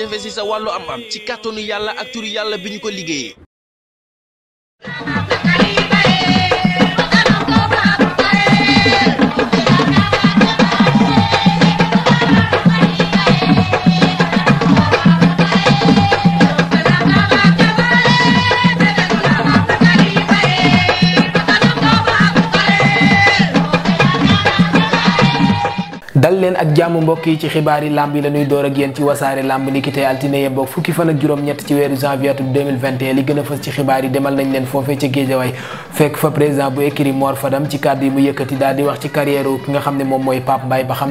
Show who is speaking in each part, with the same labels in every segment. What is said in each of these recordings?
Speaker 1: jafe-jafe si sa wàllu am am ci kàttanu yàlla ak turu yàlla bi ñu ko liggéeyee
Speaker 2: leen ak jàmm mbokk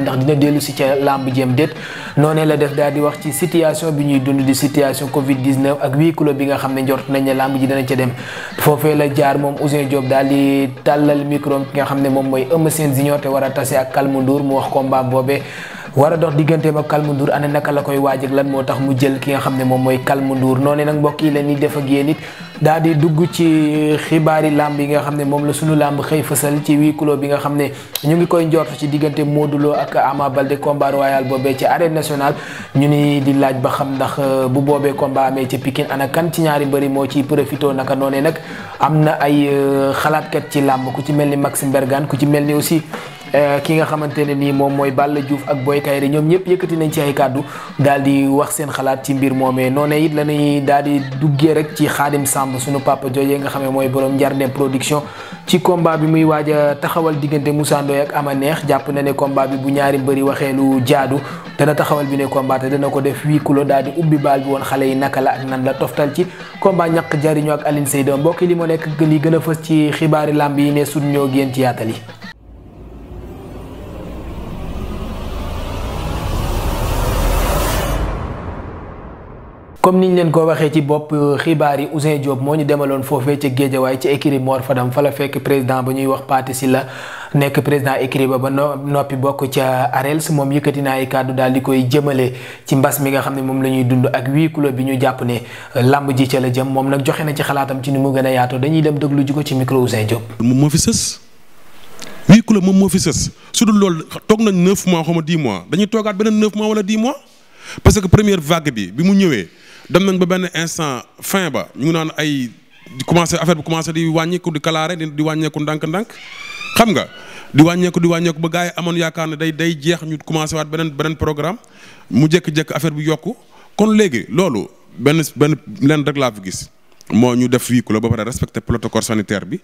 Speaker 2: ndax dina dellu ca lamb jéem déet noonee def daal wax ci situation bi ñuy dund di situation Covid 19 ak huis bi nga xam ne njort nañ ne lamb ji dana ca dem foofee jaar moom Ousin Diop daal tàllal micro ki nga xam ne moom mooy Eumeu Sène te war a tase ak Kalmu mu wax combat boobu boobee war a dox digganteem ak Calme Ndour ana naka la koy waaj lan moo tax mu jël ki nga xam ne moom mooy Calme Ndour noonu nag mbokk yi la ñuy def ak yéen it di dugg ci xibaari làmb yi nga xam ne moom la suñu làmb xëy fësal ci huis clos bi nga xam ne ñu ngi koy njort ci diggante Modou Lo ak Ama Baldé combat royal boobee ci arène national ñu ni di laaj ba xam ndax euh, bu boobee combat amee ci Pikine ana kan ci ñaari mbëri moo ciy profité naka noone nag am na ay euh, xalaatkat ci làmb ku ci mel ni Maxime ku ci mel ni Eh, ki nga xamante ne nii moom mooy Balla Diouf ak Boy Kayre ñoom ñëpp yëkkati nañ ci ay kàddu dal di wax seen xalaat ci mbir moomee noonee it la ñuy daal di duggee rek ci Xaadim Samb suñu papa joojee nga xamee mooy borom Njarndem production ci combat bi muy waaja taxawal diggante Moussa Ndoye ak Ama Neex jàpp na ne combat bi bu ñaari mbëri waxee lu jaadu dana taxawal bi ne combat te dana ko def huit kilos daal di ubbi baal bi woon xale yi naka la ak nan la toftal ci combat ñàkk jariñoo ak Aline Seydo mbokki li mu nekk li gën a fës ci xibaari làmb yi ne suñu ñoo génn ci yaatal yi comme ni ñu leen ko waxee ci bopp euh, xibaar yi Ousseyn Diop moo ñu demaloon foofee ca Géejawaay ci écurie Mor Fadam fa fekk président ba ñuy wax Pathé Sylla nekk président écurie ba ba noppi bokk ca ARELS moom yëkkati na ay kàddu daal di koy jëmale ci mbas mi nga xam ne moom la ñuy dund ak huis clos bi ñu jàpp ne euh, làmb ji la jëm moom nag joxe na ci xalaatam ci ni mu gën a yaatoo dañuy dem
Speaker 3: déglu ko ci micro Ousseyn Diop. moom moo fi sës huis clos moom moo fi sës su dul loolu toog nañ 9 mois xaw ma 10 mois mois. parce que première vague bi bi mu ñëwee dem nañ ba benn instant fin ba ñu ngi naan ay di commencé affaire bi commencé di wàññeeku di kalaare di wàññeeku ndànk-ndànk xam nga di wàññeeku di wàññeeku ba gars yi amoon yaakaar ne day day jeex ñu commencé waat beneen beneen programme mu jékki-jékki affaire bi yokk kon léegi loolu benn benn leen rek laa fi gis moo ñu def fii ku ba pare respecté protocole sanitaire bi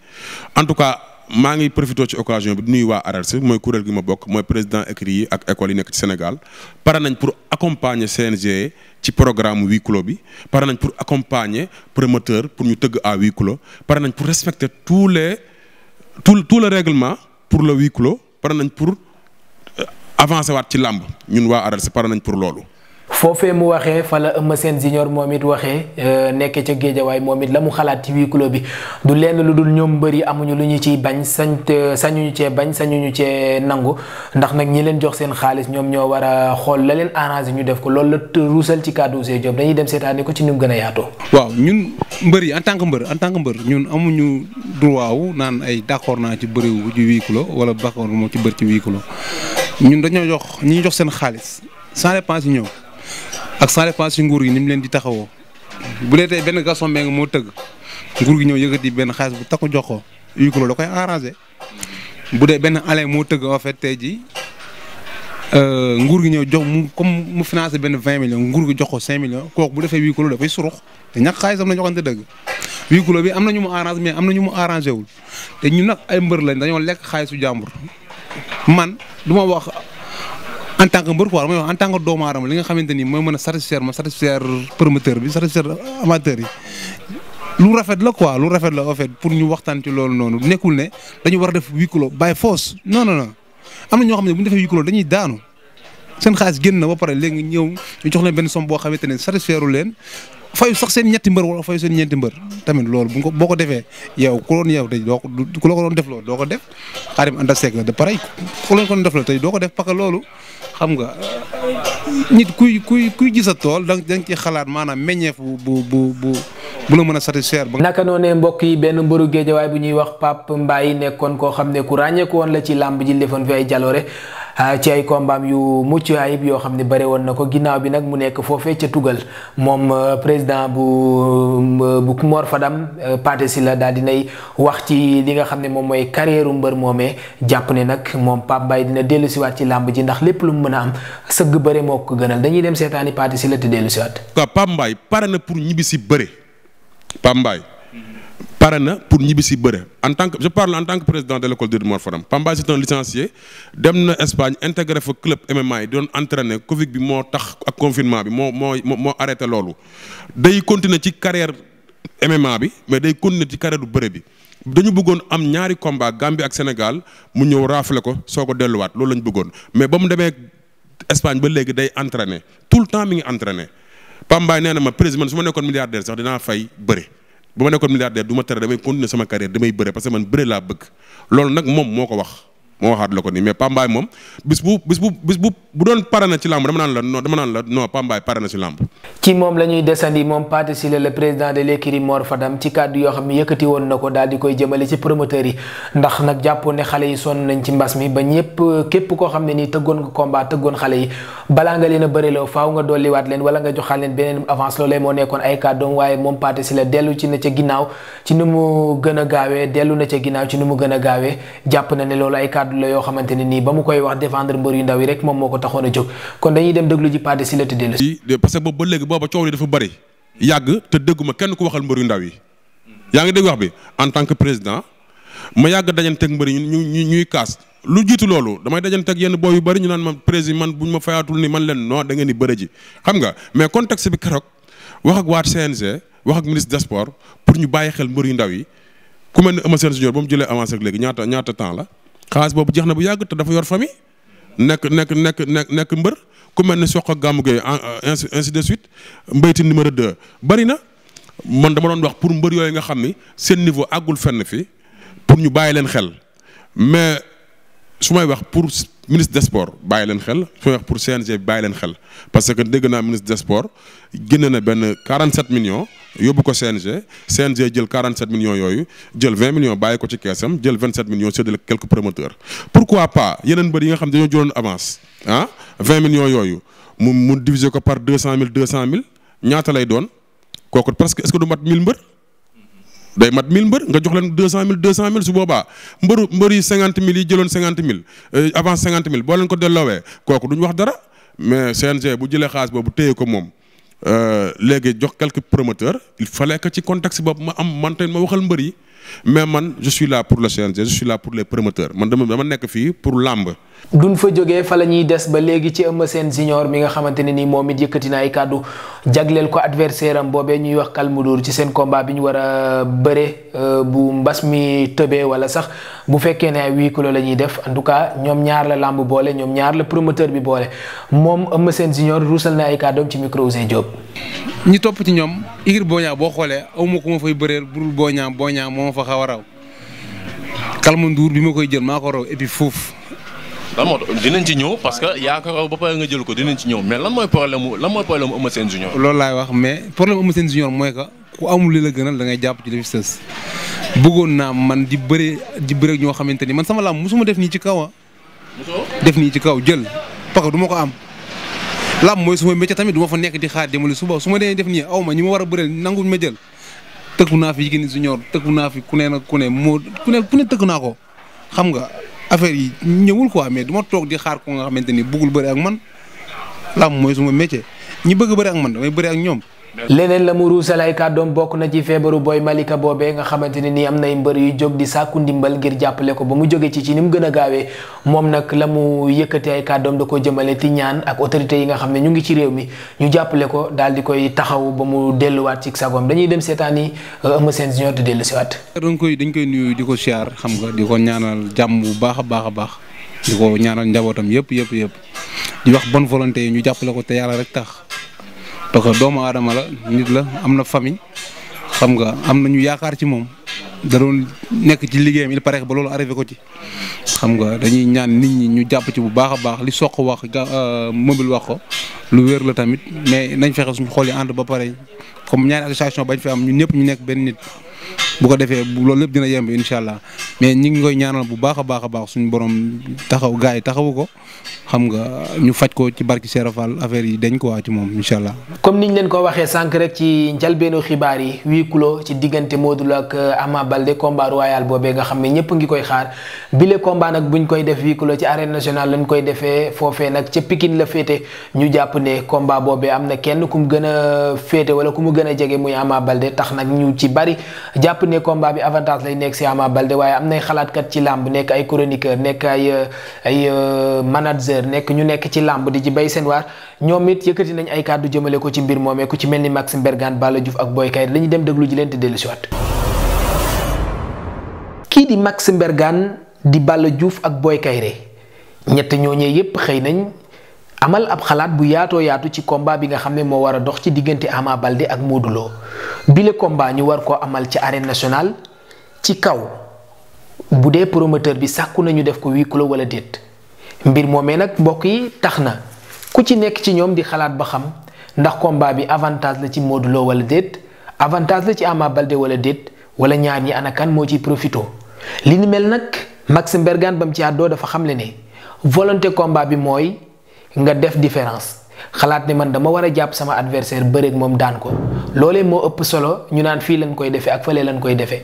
Speaker 3: en tout cas. maa ngi profité ci occasion bi di nuyu waa ARELS mooy kuréel gi ma bokk mooy président écrit yi ak école yi ci Sénégal pare nañ pour accompagner CNG ci programme wii clos bi pare nañ pour accompagner promoteur pour ñu tëgg à huis clos pare nañ pour respecter tous les tout tout le règlement pour le huis clos pare nañ pour euh, avancer waat ci làmb ñun waa ARELS pare nañ pour loolu. foofee mu waxee fa
Speaker 2: la Eumeu Sène junior moom it waxee euh, nekk ca géejawaay moom it la mu xalaat ci huis clos bi du lenn lu dul ñoom mbër yi amuñu lu ñu ciy bañ sañ euh, sañuñu cee bañ sañuñu cee nangu ndax nag ñi leen jox seen xaalis ñoom ñoo war a xool la arrangé ñu def ko loolu la ruusal ci kàddu Ousseyn Diop dañuy dem seetaani ko ci ni gën a
Speaker 4: waaw ñun mbër yi en mbër en tant que mbër ñun amuñu droit wu naan ay d'accord naa ci bëriwu ci huis clos wala d'accord moo ci bër ci huis ñun dañoo jox ñi jox seen xaalis sans dépense ñëw ak sans dépense si nguur yi ni mu leen di taxawoo bu dee tey benn Gaston Mbengue moo tëgg nguur gi ñëw yëkkati benn xaalis bu takku jox ko huis clos da koy arrangé bu dee benn Alain moo tëgg en fait tey jii euh, nguur gi ñëw jox mu comme mu financé benn vingt million nguur gi jox ko cinq millions kooku bu defee huis clos dafay surux te ñàkk xaalisam la ñu waxante dëgg. huis clos bi am na ñu mu arrangé mais am na ñu mu arrangé wul te ñun nag ay mbër lañ dañoo lekk xaalisu jàmbur man en tant que mbër quoi damay wax en li nga xamante ni mooy mën a satisfaire ma satisfaire promoteur bi satisfaire amateur lu rafet la quoi lu rafet la en fait pour ñu waxtaan ci loolu noonu nekkul ne dañu war a def huis clos by force non non non am na ñoo xam ne bu ñu defee huis clos dañuy daanu. seen xaalis génn na ba pare léegi ñëw ñu jox leen benn somme boo xamante ne satisfaire leen fayu sax seen ñetti mbër wala fayu seen ñeenti mbër tamit loolu bu ko boo ko defee yow ku doon yow tey doo ko ku la ko doon def loolu doo ko def xaarim ànd ak seeg la de pareil la tey doo ko def parce que loolu xam nga nit kuy kuy kuy gis a tool da nga ci xalaat maanaam meññeef bu bu bu bu bu la mën a satisfaire. naka noonee mbokk yi benn mbëru
Speaker 2: géejawaay bu ñuy wax Pape Mbaye nekkoon koo xam ne ku ràññeeku woon la ci làmb ji defoon fi ay jaloore ci ay kombaam yu mucc ayib yoo xam ne bëri woon na ko ginnaaw bi nag mu nekk foo foofee ca tugal moom euh, président bu euh, bu Mor Fadam euh, Pathé Sylla daal dinay wax ci li nga xam ne moom mooy carrière mbër moomee jàpp ne nag moom Pape Mbaye dina dellu siwaat ci làmb ji ndax lépp lu mu mën a am sëgg bëre moo ko gënal dañuy dem seetaani si Sylla te dellu siwaat
Speaker 3: waaw Pape Mbaye pare na pour ñibbi si bëre Pape Mbaye pare na pour ñibbi si bëre en tant que je parle en tant que président de l' école de Mor Fadam Pamba c'est un licencié dem na Espagne intégré fa club MMA yi doon entraîner Covid bi moo tax ak confinement bi moo moo moo arrêté loolu. day continuer ci carrière MMA bi mais day continuer ci carrière du bëre bi dañu bëggoon am ñaari combat Gambie ak Sénégal mu ñëw raafale ko soo ko delluwaat loolu la ñu bëggoon mais ba mu demee Espagne ba léegi day entraîner tout le temps mi ngi entraîner Pambaay nee na ma président man nekkoon milliardaire sax dinaa fay bëre. bu ma nekkoon milliardaire du ma tere damay continuer sama carrière damay bëre parce que man bëre laa bëgg loolu nag moom moo ko wax moo waxaat la ko nii mais Pambaay moom bis bu bis bu bis bu bu doon pare na ci làmb dama naan la non Pambaay pare na ci làmb.
Speaker 2: ci moom la desandi moom Pathé Sylla président de l'écurie Mor Fadam ci kàddu yoo xam ne yëkkati woon na ko daal di koy jëmale ci promoteurs yi ndax nag jàppoon ne xale yi sonn nañ ci mbas mi ba ñëpp képp koo xam ne nii tëggoon nga combat tëggoon xale yi balaa nga leen a bëriloo faaw nga dolliwaat leen wala nga joxaat leen beneen avance loolee moo nekkoon ay kàddoom waaye moom Pathé Sylla dellu ci na ca ginnaaw ci ni a gaawee dellu na ca ginnaaw ci ni mu gën a gaawee jàpp na kàddu la yoo xamante nii ba mu koy wax
Speaker 3: défendre mbër yu ndaw yi rek moom moo ko taxoon a jóg kon dañuy dem déglu ji pas de si la tëddee la parce que boobu ba léegi booba coow li dafa bëri yàgg te dégguma kenn ku waxal mbër yu ndaw yi yaa ngi dégg wax bi en tant que président ma yàgg dajanteeg mbër yi ñuy kaas lu jiitu loolu damay dajanteeg yenn boo yu bëri ñu naan ma président man buñ ma fayaatul ni man leen non da ngeen di bëri ji xam nga mais contexte pour ñu bàyyi xel mbër yu ndaw yi ku mel ne Eumeu léegi ñaata ñaata temps la xaalis boobu jeex na bu yàgg te dafa yor famille nekk nekk nekk nekk nekk mbër ku mel ne soq ak gàmmu gay ainsi de suite mbayti numéro 2 bari na man dama doon wax pour mbër yooyu nga xam ni seen niveau àggul fenn fi pour ñu bàyyi leen xel mais su may wax pour ministre des sports bàyyi leen xel fi wax pour CNG bàyyi leen xel parce que dégg naa ministre des sports génne na benn 47 millions yóbbu ko CNG CNG jël 47 millions yooyu jël 20 millions bàyyi ko ci keesam jël 27 millions séddale quelques promoteurs pourquoi pas yeneen mbër yi nga xam dañoo jëloon avance ah yooyu mu mu ko par 200 000 200 000 ñaata lay doon kooku presque est-ce que du mat 1000 mbër. day mat 1000 mbër nga jox leen 200000 200000 su boobaa mbëru mbër yi 50000 yi jëloon 50000 euh, avant 50000 boo leen ko delloowee kooku ñu wax dara mais CNG bu jëlee xaalis boobu téye ko moom euh, léegi jox quelques promoteurs il fallait que ci contexte boobu ma am man ma waxal mbër yi. mais man je suis pour le CNG je suis là pour les promoteurs man dama dama nekk fii pour làmb.
Speaker 2: duñ fa jógee fa la ñuy des ba léegi ci Eumeu seen Junior mi nga xamante ne nii moom it yëkkati na ay kàddu jagleel ko adversaire am boobee ñuy wax Kalmudur ci seen combat bi ñu war a bëre euh, bu mbas mi tëbee wala sax bu fekkee ne ay huis clos la ñuy def en tout cas ñoom ñaar la làmb boole ñoom ñaar la promoteur bi boole moom Eumeu Sène Junior ruusal na ay kàddoom ci micro Ousseyn
Speaker 4: igir booñaa boo xoolee awma ku ma fay bëreel burul booñaa booñaa moo ma fa xaw a nduur bi ma koy jël maa ko raw et puis foofu lan moo
Speaker 1: ci ñëw parce que yaa ko raw nga jël ko dinañ ci ñëw mais lan mooy problème mu lan mooy problème mu Eumeu Sène junior
Speaker 4: loolu laay wax mais problème Eumeu Sène junior mooy que ku amul li la gënal da ngay jàpp ci li fi sës bëggoon naa man di bëri di bëri ñoo xamante ni man sama laam mosuma def nii ci kaw ah. def nii ci kaw jël parce que du ko am. lamb mooy suma métier tamit du fa nekk di xaar demali suba su ma dee def nii aw ma ñi ma war a bëreel nanguñ ma jël tëkku naa fi Yékini Junior tëkku naa fi ku ne nag ku ne moo ku ne ku ne tëkku naa ko xam nga affaire yi ñëwul quoi mais du ma toog di xaar ko nga xamante ni buggul bëri ak man lamb mooy suma métier ñi bëgg bëri ak man damay bëri ak
Speaker 2: ñoom leneen la mu ruusal ay kàddoom bokk na ci feebaru booy Malika boobee nga xamante ne nii am nay mbër yu jóg di sàkku ndimbal ngir jàppale ko ba mu jógee ci ci ni gën a gaawee moom nag la mu yëkkati ay da ko jëmale ti ñaan ak autorité yi nga xam ne ñu ngi ci réew mi ñu jàppale ko daal di koy taxaw ba mu delluwaat ci sagoom dañuy dem seetaan yi euh, Eumeu Sène Junior di dellu siwaat
Speaker 4: dañ koy dañ koy nuyu di ko siyaar xam nga di ko ñaanal jàmm bu baax a baax a baax di ko ñaanal njabootam yëpp yëpp yëpp di wax bonne volonté yi ñu jàppale ko te yàlla rek tax parce que doomu aadama la nit la am na famille xam nga am na ñu yaakaar ci moom da doon nekk ci liggéeyam il paraît ba loolu arrivé ko ci. xam nga dañuy ñaan nit ñi ñu jàpp ci bu baax a baax li soq wax euh, mobile wax ko lu wér la tamit mais nañ fexe suñu xol yi ànd ba pare comme ñaari association bañ fi am ñu ñëpp ñu nekk benn nit bu ko defee loolu lépp dina yemb incha allah mais ñu ngi koy ñaanal bu baax a baax a baax suñu borom taxaw gars yi taxawu ko xam nga ñu faj ko ci barki Serap Fall yi dañ ko waa ci moom incha allah.
Speaker 2: comme niñ leen ko waxee sànq rek ci njalbeenu xibaar yi huis kulo ci diggante moo dul ak euh, Ama Balde combat royal boobee nga xam ne ñëpp ngi koy xaar bile combat nag buñ koy def huis clos ci arène nationale lañ koy defee foofee nag ca Pikine la féete ñu jàpp ne combat boobee am na kenn ku mu gën a féete wala ku mu gën a jege muy Ama Balde tax nag ñu ci bari jàpp ne bi avantage lay nekk si Ama Balde waaye am nay xalaatkat ci làmb nekk ay chroniqueur nekk ay ay euh, manager nekk ñu nekk ci làmb di ci bay seen waar ñoom it yëkkati nañ ay kàddu jëmale ko ci mbir moomee ku ci mel ni Maxime Bergane Balla Diouf ak Boy Kaïré dañuy dem déglu ji leen te dellu si waat kii di Maxime Bergane di Balla juuf ak Boy Kaïré ñett ñooñee yépp xëy nañ amal ab xalaat bu yaatoo yaatu ci combat bi nga xam ne moo war a dox ci diggante Ama Baldé ak Modou Lo bile combat ñu war koo amal ci arène national ci kaw bu dee promoteur bi sàkku nañu def ko huis clos wala déet mbir moomee nag mbokk yi tax na ku ci nekk ci ñoom di xalaat ba xam ndax combat bi avantage la ci Modou Lo wala déet avantage la ci amaa Balde wala déet wala ñaar ñi anakan moo ciy profito li nu mel nag Max mbergan bam mu ci àddoo dafa xamle ne volonté combat bi mooy nga def différence xalaat ne man dama war a jàpp sama adversaire bëreeg moom daan ko loolee moo ëpp solo ñu naan fii lañ koy defee ak fële lañ koy defee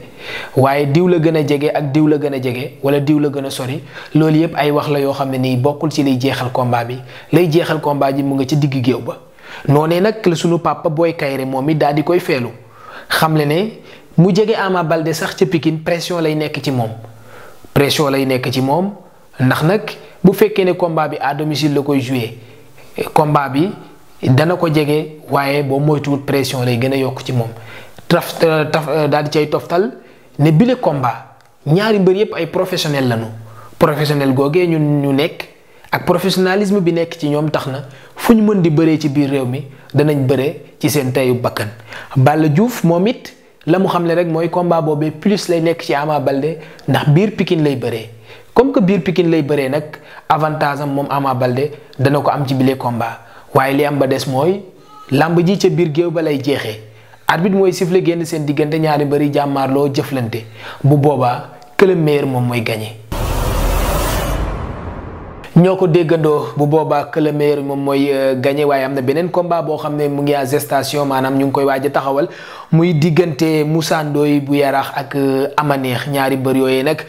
Speaker 2: waaye diw la gën a jege ak diw la gën a jege wala diw la gën a sori loolu yëpp ay wax la yoo xam ne nii bokkul ci liy jeexal combat bi lay jeexal combat ji mu nga ci digg géew ba. noonee nag la sunu papa booy kayre moom it daal di koy feelu xam le ne mu jege Ama Baldé sax ca Pikine pression lay nekk ci moom pression lay nekk ci moom ndax nag bu fekkee ne combat bi à domicile la koy joué. combat bi dana ko jege waaye boo moytuwul pression lay gën a yokk ci moom taf taf daal di cay toftal ne bile combat ñaari mbër yépp ay professionnel lañu professionnel googee ñu ñu nekk ak professionnalisme bi nekk ci ñoom tax na fu ñu mën di bëree ci biir réew mi danañ bëree ci seen teyu bakkan ball Diouf moom it la mu xam ne rek mooy combat boobee plus lay nekk ci Ama Baldé ndax biir pikin lay bëree comme que biir Pikine lay bëree nag avantage am moom Ama Baldé dana ko am ci bile combat waaye li am ba des mooy làmb ji ca biir géew ba lay jeexee arbitre mooy siffle génn seen diggante ñaari bari jàmmaarloo jëflante bu boobaa que le moom mooy gagné. ñoo ko déggandoo bu booba que moom mooy euh, gagné waaye am na beneen combat boo xam ne mu ngi à gestation maanaam ñu ngi koy waaj a taxawal muy diggante musaandooy bu yaraax ak euh, Amaneex ñaari mbër yooyu nag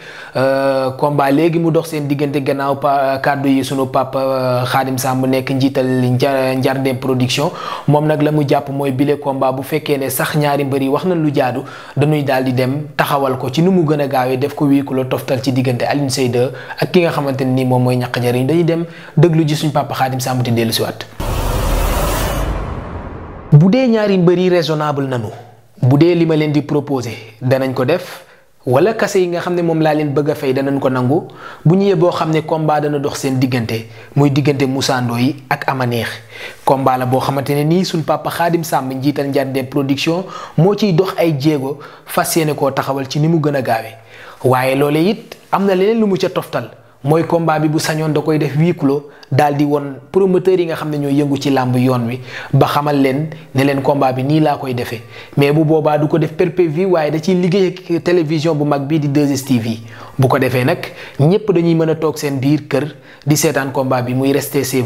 Speaker 2: komba euh, léegi mu dox seen diggante gannaaw pa kàddu yi sunu papa Xaadim Samb nekk njiital Njarndem production moom nag la mu jàpp mooy bile combat bu fekkee ne sax ñaari mbër yi wax nañ lu jaadu dañuy daal di dem taxawal ko ci nu mu gën a gaawee def ko wii ku la toftal ci diggante Alioune Seye 2 ak ki nga xamante ni moom mooy ñaq njëriñ dañuy dem déglu ji suñ papa Xaadim Samb te dellu si waat bu dee ñaari mbër yi raisonnable nanu bu dee li ma leen di proposé danañ ko def wala kase yi nga xam ne moom laa leen bëgg a fay danañ ko nangu bu ñëwee boo xam ne combat dana dox seen diggante muy diggante Moussa yi ak Amaneex combat la boo xamante ne nii suñ papa Xaadim Samb njiital Ndiathé production moo ciy dox ay jéego fas yéene koo taxawal ci ni mu gën a gaawe waaye loole na leneen lu mu ca toftal mooy combat bi bu sañoon da koy def huis clos daal di won promoteurs yi nga xam ne ñoo yëngu ci làmb yoon wi ba xamal leen ne leen combat bi nii laa koy defee mais bu boobaa du ko def perpévu waaye da ciy liggéey télévision bu mag bii di 2STV bu ko defee nag ñépp dañuy mën a toog seen biir kër di seetaan combat bi muy resté chez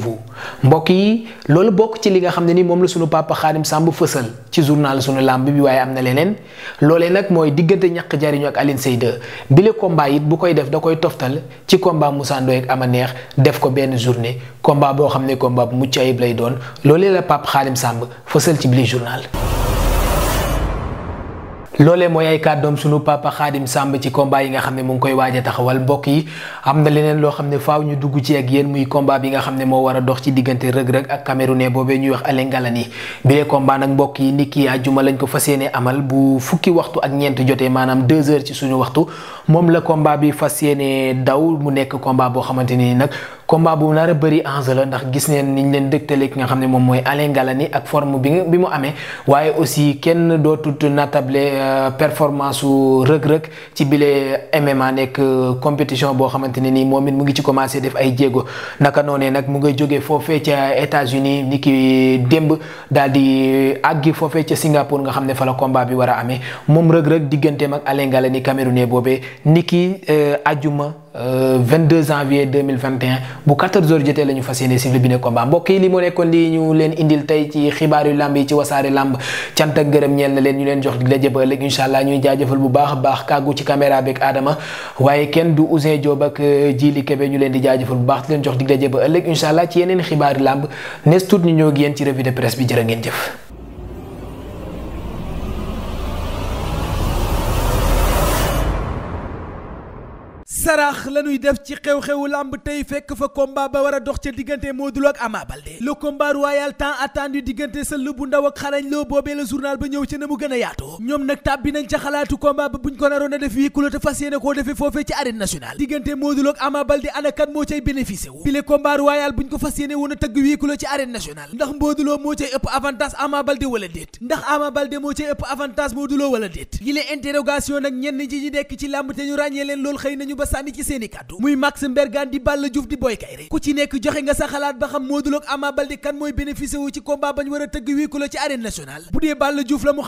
Speaker 2: mbokk yi loolu bokk ci li nga xam ne ni moom la sunu pàpp xaalim sàmb fësal ci journal sunu làmb bi waaye am na leneen loolee nag mooy diggante ñàkk jariñu ak Alioune bile combat it bu koy def da koy toftal ci combat Moussa Ndoye ak Neex def ko benn journée combat boo xam ne combat bu mucc ayib lay doon loolee la papa Xaadim sàmb fësal ci bile journal. loolee mooy ay kàddoom sunu papa Xaadim Samb ci combat yi nga xam ne mu ngi koy waaj a taxawal mbokk yi am na leneen loo xam ne faaw ñu dugg ci ak yéen muy combat bi nga xam ne moo war a dox ci diggante rëg-rëg ak camerounais boobee ñuy wax yi ni kii àjjuma lañ ko fas yéene amal bu fukki waxtu ak ñeent jotee maanaam deux heures ci suñu waxtu moom la combat bi fas yéene daw mu nekk combat boo xamante ni nag combat bu nar bari bëri enjeu ndax gis neen niñ leen dëgtale ki nga xam ne moom mooy Alain Ngalani ak forme bi mu amee waaye aussi kenn dootut natable Euh, performance su rëg-rëg ci bile MMA nekk euh, compétition boo xamante ne nii moom it mu ngi ci commencé def ay jéego naka noonee nag mu nga jogee foofee ca États-Unis ni ki démb daal di euh, àggi foofee ca Singapour nga xam ne fa la combat bi war a amee moom rëg-rëg digganteem ak Alain Ngalani Camerounais boobee ni ki ajuma 22 euh, janvier 2021 bu 14 heures jotee la ñu fas yéene cible bi ne combat mbokk yi li mu nekkoon li ñu leen indil tey ci xibaaru lamb yi ci wasaare lamb cant ak gërëm ñeel na leen ñu leen jox di la jëbal ëllëg incha allah ñuy jaajëfal bu baax a baax kàggu ci caméra beeg Adama waaye kenn du Ousin Diop ak euh, Jili Kebe ñu leen di jaajëfal bu baax di leen jox di la jëbal ëllëg incha allah ci yeneen xibaaru lamb nees tuut ñu ñëw ak yéen ci revue de presse bi jërë ngeen jëf.
Speaker 5: sarax la ñuy def ci xew-xewu lamb tey fekk fa combat ba war a dox ca diggante Modou Lo ak Ama Baldé le combat royal tant attendu diggante bu ndaw ak xarañ loo boobee la journal ba ñëw ca na mu gën a yaatoo ñoom nag tàbbi nañ ca xalaatu combat ba buñ ko naroon a def wii kulo te fas yéene koo defee foofee ci arène nationale diggante Modou Lo ak moo cay bénéficié wu bile combat royal buñ ko fas yéene woon a tëgg wii kulo ci ci làmb sànni ci seeni kàddu muy Maxime Bergan di Balla Diouf di Boy Kayre ku ci nekk joxe nga sa xalaat ba xam moo Lo ak kan mooy bénéficié wu ci combat bañ war a tëgg wii ku la ci arène nationale bu dee Balla Diouf la nekk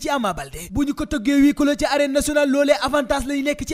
Speaker 5: ci Ama Baldé ñu ko tëggee wii ku la ci arène nationale loolee avantage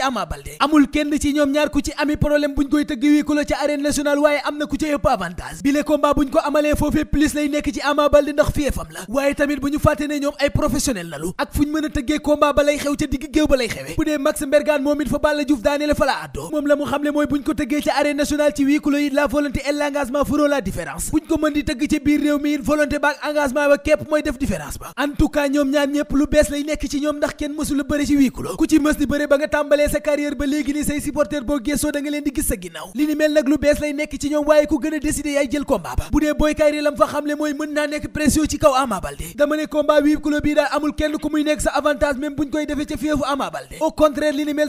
Speaker 5: Ama Baldé amul kenn ci ñoom ñaar ku ci ami problème ñu koy tëgg wii ku la ci arène nationale waaye am na ku ci ëpp avantage bile combat plus lay nekk ci Ama Baldé ndax fiefam la waaye tamit bu ñu fàtte ne ñoom ay professionnel lalu ak fu ñu mën a tëggee combat ba lay xew ca digg géew ba lay xewee bu dee Maxime Bergan naan moom it fa Balla Diouf daanele fa la àddoo moom la mu xamle mooy buñ ko tëggee ci arène nationale ci huis clos it la volonté et l'engagement feront la différence buñ ko mën di tëgg ci biir réew mi volonté ba ak engagement ba képp mooy def différence ba en ñoom ñaar ñëpp lu bees lay nekk ci ñoom ndax kenn mësula bëre ci huis clos ku ci mës di bëre ba nga tàmbalee sa carrière ba léegi ni say supporter boo gëstoo da leen di gis sa ginnaaw li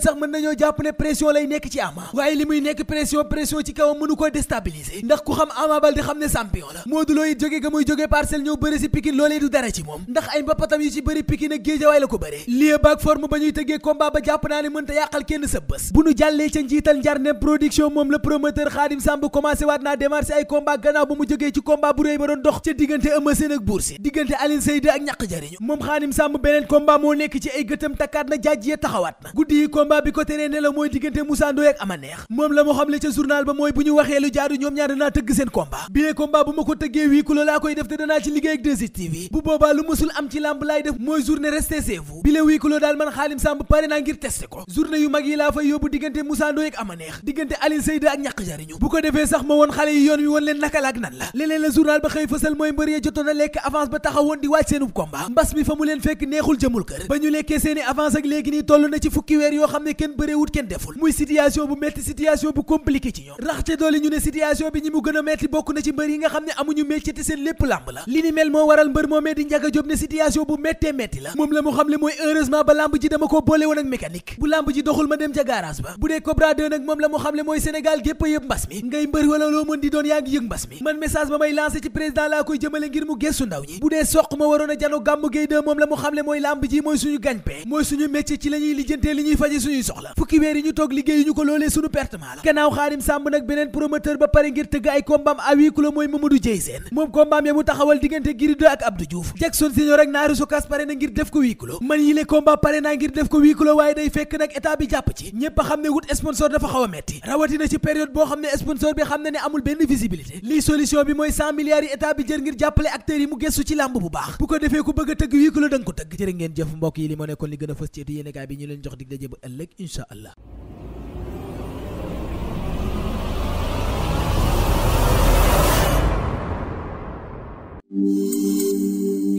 Speaker 5: sax mën nañoo jàpp ne pression lay nekk ci ama waaye li muy nekk pression pression ci kawam mënu koo déstabiliser ndax ku xam Ama Baldé xam ne champion la Modou Lo it jóge ga muy jóge parcelle ñëw bëri si Pikine loolee du dara ci moom ndax ay mbappatam yu ci bëri Pikine ak Géejawaay la ko bëree lieu baak forme ba ñuy tëggee combat ba jàpp naa ne mënta yàqal kenn sa bés bu nu jàllee ca njiital njar ne production moom la promoteur Khadim Samb commencé naa démarché ay combat gannaaw ba mu jógee ci combat bu moo nekk ci ay gëtam takkaat na jaaj taxawaat combat bi ko teree ne la mooy diggante mooy bu ñu waxee lu jaadu ko koy def te danaa ci liggéey ak 2STV bu boobaa lu mësul am ci làmb laay def mooy journée restez chez vous bile daal man Xaadim Samb pare naa ngir testé ko journée yu mag yi laa fay yóbbu diggante Moussa Ndoye ak Amaneex diggante Aline Seyda ak ñàkk jariñu bu ko defee sax ma woon xale yi yoon wi woon leen nakalaak nan la leneen la journal ba xëy fësal mooy mbër ya jotoon a lekk avance ba taxawoon di wàaj seenub combat mbas mi fa mu leen fekk neexul jëmul kër ba ñu lekkee seeni xam moom la mu xam mooy heureusement ba làmb ji dama ko boole ak mécanique bu làmb ji doxul ma dem ca ba bu dee Cobra nag moom la mu xam mooy Sénégal gépp a mbas mi ngay mbër wala loo mën di doon yaa ngi yëg mbas mi man message ba may lancé ci président laa koy jëmale ngir mu gëstu ndaw ñi bu dee soq ma waroon a jano gàmmu géy moom la mu xam mooy làmb ji mooy suñu gañ pee mooy suñu métier ci la ñuy li ñuy faje fukki weer yi ñu toog liggéey yi ñu ko loolee suñu pertement la gannaaw xaadim sàmb nag beneen promoteur ba pare ngir tëgg ay kombaam à huis clos mooy Mamadou Dieye Sène moom kombaam ya mu taxawal diggante Gris ak Abdou Diouf Jackson Senior ak Naaru Sokas pare na ngir def ko huis man yi le pare naa ngir def ko huis waaye day fekk nag état bi jàpp ci ñépp xam ne wut sponsor dafa xaw metti rawatina ci période boo xam ne sponsor bi xam ne da ëllëg incha allah.
Speaker 1: Thank you.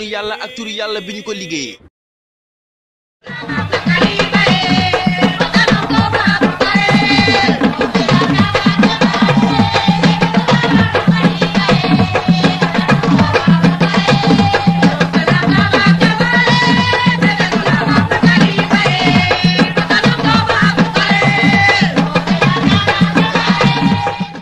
Speaker 1: yoonu yàlla ak turu yàlla bi ñu ko liggéeyee